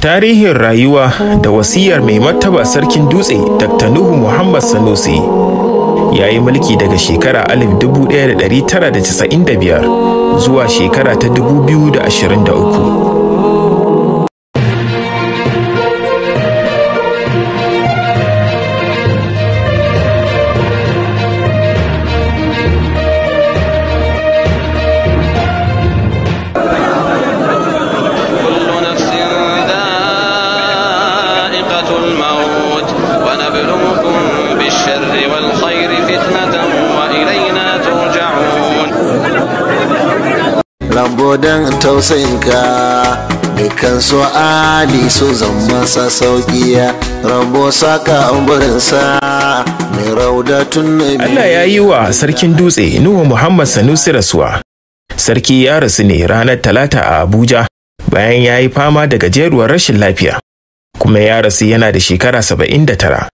tarihin rayuwa da wasiyar mai martaba sarkin dutse dr nuhu muhammad sanusi ya yi mulki daga shekara 1995 zuwa shekara ta 2023 rambo don tausayinka dukkan su ali su zama sa saukiya rambo saka umburinsa mai raudatun nabi Allah ya yi wa sarkin dutse Nuhu Muhammad Sanusi rasuwa sarki ya rasu ne ranar talata a Abuja bayan ya yi fama da gajeruwar rashin lafiya kuma ya rasu yana da shekara saba'in da tara.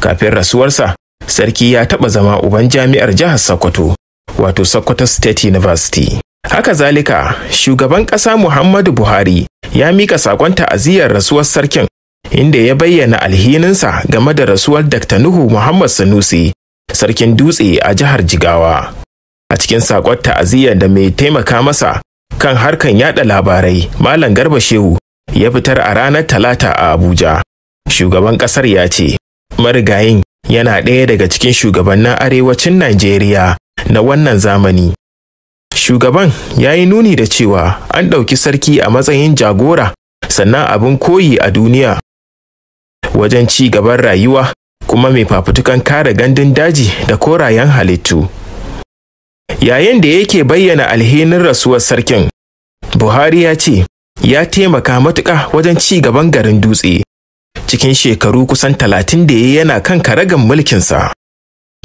kafin rasuwarsa sarki ya taɓa zama uban jami'ar jihar Sokoto wato Sokoto State University Haka zalika, shugaban ƙasa Muhammadu Buhari ya mika saƙon ta'aziyar rasuwar sarkin inda ya bayyana alhininsa game da rasuwar Dr. Nuhu Muhammad Sanusi, sarkin dutse a jihar Jigawa. A cikin saƙon ta'aziyar da mai taimaka masa kan harkan yada labarai, Malam Garba Shehu ya fitar a ranar Talata a Abuja. Shugaban ƙasar ya ce, marigayin yana ɗaya daga cikin shugabannin arewacin Najeriya na wannan zamani. Shugaban ya yi nuni da cewa an ɗauki sarki a matsayin jagora sannan abin koyi a duniya wajen ci gaban rayuwa kuma mai fafutukan kare gandun daji da korayen halittu. Yayin da yake bayyana alhinin rasuwar sarkin, Buhari ya ce ya taimaka matuƙa wajen ci gaban garin dutse cikin shekaru kusan talatin da ya yana kan karagan mulkinsa.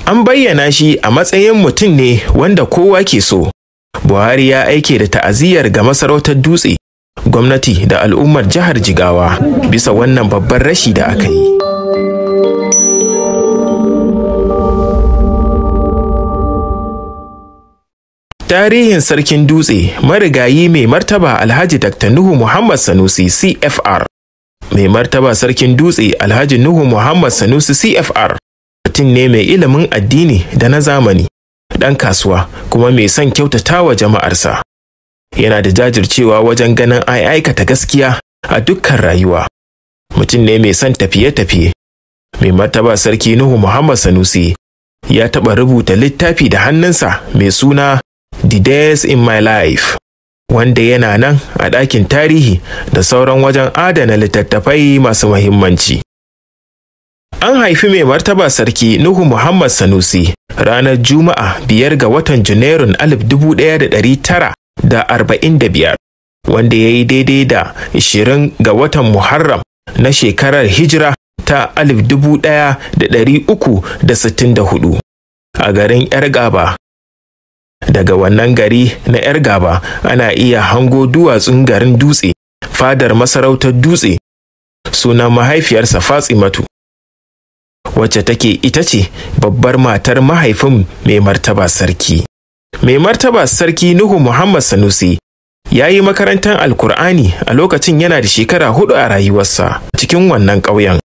An bayyana shi a matsayin mutum ne wanda kowa ke so, Buhari ya aike da ta'aziyar ga masarautar dutse, gwamnati da al'ummar jihar Jigawa bisa wannan babban rashi da aka yi. Tarihin Sarkin Dutse marigayi mai martaba Alhaji Dr. Nuhu Muhammad Sanusi CFR. Mai martaba Sarkin Dutse Alhaji Nuhu Muhammad Sanusi CFR mutum ne mai ilimin addini da na zamani ɗan kasuwa kuma mai son kyautata wa jama'arsa. Yana da jajircewa wajen ganin ai aikata gaskiya a dukkan rayuwa. Mutum ne mai son tafiye-tafiye. Mai martaba sarki Nuhu Muhammad Sanusi ya taɓa rubuta littafi da hannunsa mai suna The Days in My Life. wanda yana nan a ɗakin tarihi da sauran wajen adana littattafai masu mahimmanci. An haifi mai martaba sarki Nuhu Muhammad Sanusi ranar Juma'a biyar ga watan Junairun biyar wanda ya yi daidai da shirin ga watan Muharram na shekarar Hijira ta alif da hudu a garin 'yar Daga wannan gari na 'yar gaba ana iya hango duwatsun garin dutse, fadar masarautar dutse, sunan mahaifiyarsa Fatsimatu. wacce take ita ce babbar matar mahaifin mai martaba sarki. Mai martaba sarki Nuhu Muhammad Sanusi ya yi makarantar Alkur'ani a lokacin yana da shekara hudu a rayuwarsa cikin wannan ƙauyen.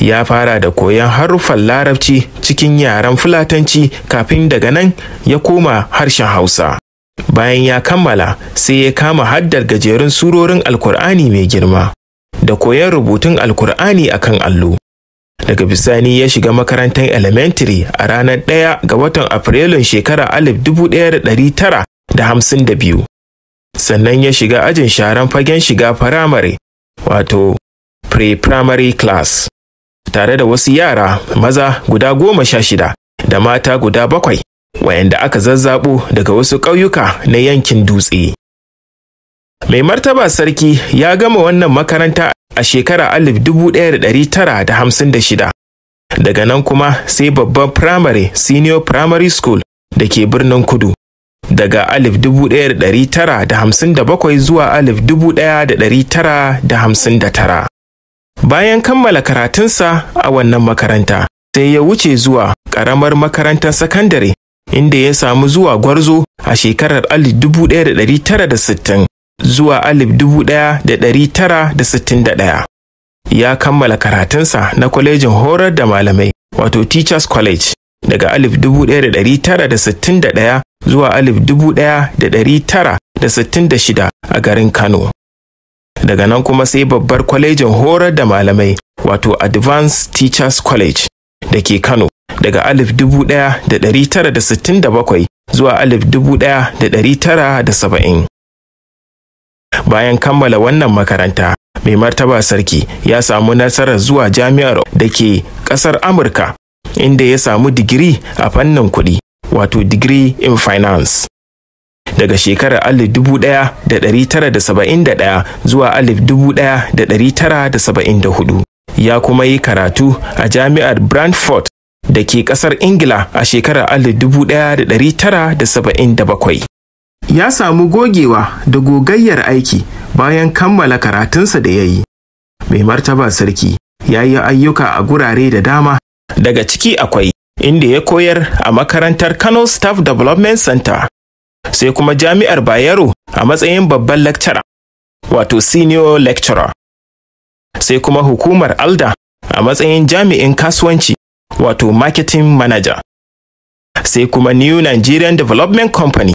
Ya fara da koyon haruffan larabci cikin yaren fulatanci kafin daga nan ya koma harshen Hausa. Bayan ya kammala sai ya kama haddar gajerun surorin Alkur'ani mai girma da koyon rubutun Alkur'ani akan allo. daga bisani ya shiga makarantar elementary a ranar ɗaya ga watan afrilun shekara alif dubu da da da tara hamsin biyu, sannan ya shiga ajin sharan fagen shiga firamare wato pre-primary class tare da wasu yara maza guda goma sha shida da mata guda bakwai wayanda aka zazzabo daga wasu ƙauyuka na yankin dutse Mai martaba sarki ya gama wannan makaranta a shekara 1956. Daga nan kuma sai babban primary senior primary school da ke birnin kudu. Daga 1957 zuwa 1959. Bayan kammala karatunsa a wannan makaranta, sai ya wuce zuwa ƙaramar makarantar sakandare inda ya samu zuwa gwarzo a shekarar 1960 zuwa alif dubu ɗaya da ɗari Ya kammala karatunsa na kwalejin horar da malamai wato Teachers College daga alif dubu zuwa alif dubu ɗaya da ɗari tara a garin Kano. Daga nan kuma sai babbar kwalejin horar da malamai wato Advanced Teachers College da ke Kano daga alif dubu ɗaya da ɗari zuwa alif dubu ɗaya da ɗari bayan kammala wannan makaranta mai martaba sarki ya samu nasarar zuwa jami'ar da ke kasar amurka inda ya samu digiri a fannin kuɗi wato digiri in finance daga shekarar 1971 zuwa 1974 ya kuma yi karatu a jami'ar brantford da ke kasar ingila a shekarar 1977 ya samu gogewa da gogayyar aiki bayan kammala karatunsa da ya yi. Mai martaba sarki ya yi ayyuka a gurare da dama. Daga ciki akwai inda ya koyar a makarantar Kano Staff Development Center, sai kuma Jami'ar Bayero a matsayin babban lecturer, wato senior lecturer. Sai kuma hukumar Alda a matsayin jami'in kasuwanci, wato marketing manager. Sai kuma New Nigerian Development Company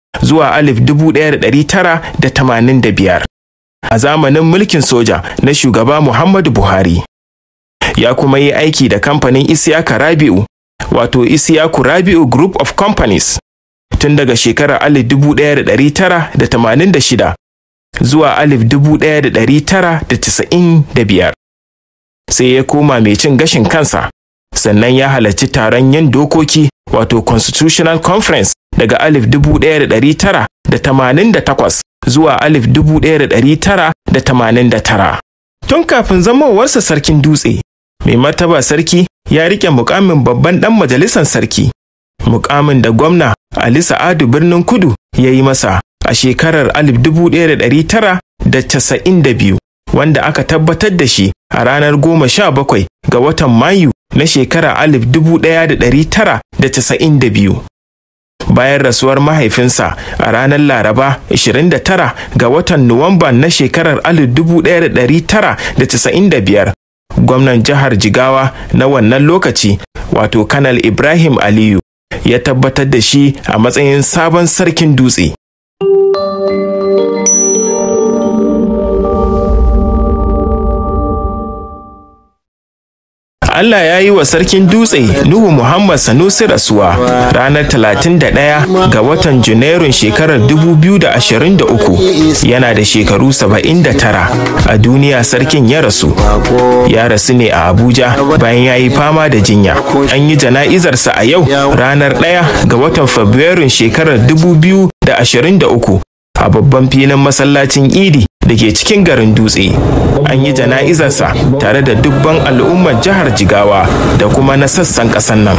zuwa alif dubu ɗaya da ɗari tara da tamanin da biyar a zamanin mulkin soja na shugaba Muhammadu Buhari. Ya kuma yi aiki da kamfanin Isiyaka Rabi'u, wato Isiyaku Rabi'u Group of Companies, tun daga shekarar alif dubu ɗaya da ɗari tara da tamanin da shida zuwa alif dubu ɗaya da ɗari tara da tisa'in da biyar. Sai ya koma mai cin gashin kansa, sannan ya halarci taron yin dokoki wato Constitutional Conference daga alif dubu ɗaya da ɗari tara da tamanin da takwas zuwa alif dubu ɗaya da ɗari tara da tamanin da tara. Tun kafin zamowarsa sarkin dutse, mai martaba sarki ya riƙe mukamin babban ɗan majalisar sarki, mukamin da gwamna Ali Sa'adu birnin Kudu ya yi masa a shekarar alif dubu ɗaya da ɗari tara da casa'in da biyu, wanda aka tabbatar da shi a ranar goma sha bakwai ga watan Mayu na shekara alif dubu ɗaya da ɗari tara da casa'in da biyu. bayan rasuwar mahaifinsa a ranar Laraba 29 ga watan Nuwamba na shekarar 1995. Gwamnan jihar Jigawa na wannan lokaci, wato Kanal Ibrahim Aliyu, ya tabbatar da shi a matsayin sabon sarkin dutse. Allah ya yi wa sarkin dutse Nuhu Muhammad Sanusi rasuwa ranar 31 ga watan Junairun shekarar 2023 yana da shekaru 79 a duniya sarkin ya rasu. Ya rasu ne a Abuja bayan ya yi fama da jinya. An yi jana'izarsa a yau ranar 1 ga watan Fabrairun shekarar 2023 a babban filin masallacin Idi da ke cikin garin dutse an yi jana'izarsa tare da dubban al'ummar jihar jigawa da kuma na sassan ƙasar nan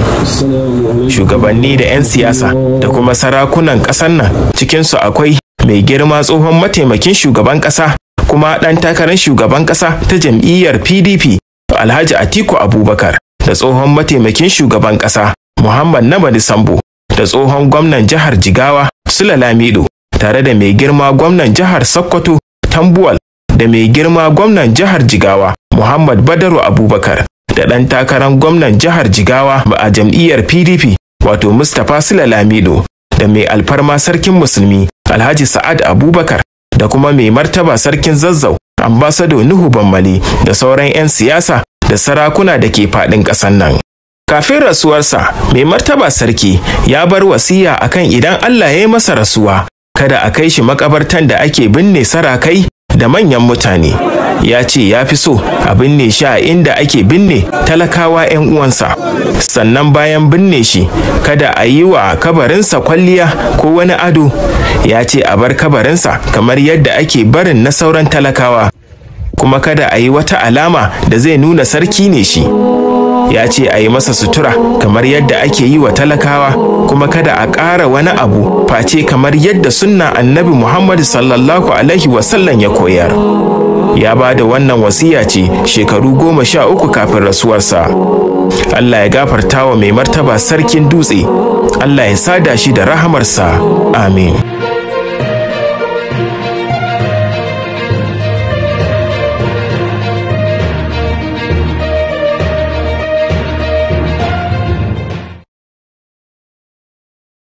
shugabanni da 'yan siyasa da kuma sarakunan ƙasar nan cikinsu akwai mai girma tsohon mataimakin shugaban ƙasa kuma ɗan takarar shugaban ƙasa ta jam'iyyar pdp alhaji atiku abubakar da tsohon mataimakin shugaban ƙasa muhammad namadi sambo da tsohon gwamnan jihar jigawa sula lamido tare da mai girma gwamnan jihar sokoto Tambuwal da mai girma gwamnan jihar Jigawa Muhammad Badaru Abubakar da ɗan takarar gwamnan jihar Jigawa a jam'iyyar PDP wato Mustapha Sula Lamido da mai alfarma sarkin musulmi Alhaji Sa'ad Abubakar da kuma mai martaba sarkin Zazzau ambasado Nuhu Bammali da sauran 'yan siyasa da sarakuna da ke faɗin ƙasar nan. Kafin rasuwarsa, mai martaba sarki ya bar wasiya akan idan Allah ya yi masa rasuwa kada a kai shi makabartan da ake binne sarakai da manyan mutane ya ce ya fi so a binne shi a inda ake binne talakawa 'yan uwansa sannan bayan binne shi kada a yi wa kabarinsa kwalliya ko wani ado ya ce a bar kabarinsa kamar yadda ake barin na sauran talakawa kuma kada a yi wata alama da zai nuna sarki ne shi ya ce a yi masa sutura kamar yadda ake yi wa talakawa kuma kada a ƙara wani abu face kamar yadda sunna annabi Muhammad sallallahu alaihi wasallam ya koyar. Ya ba da wannan wasiya ce shekaru goma sha uku kafin rasuwarsa. Allah ya gafarta wa mai martaba sarkin dutse, Allah ya sada shi da rahamarsa, amin.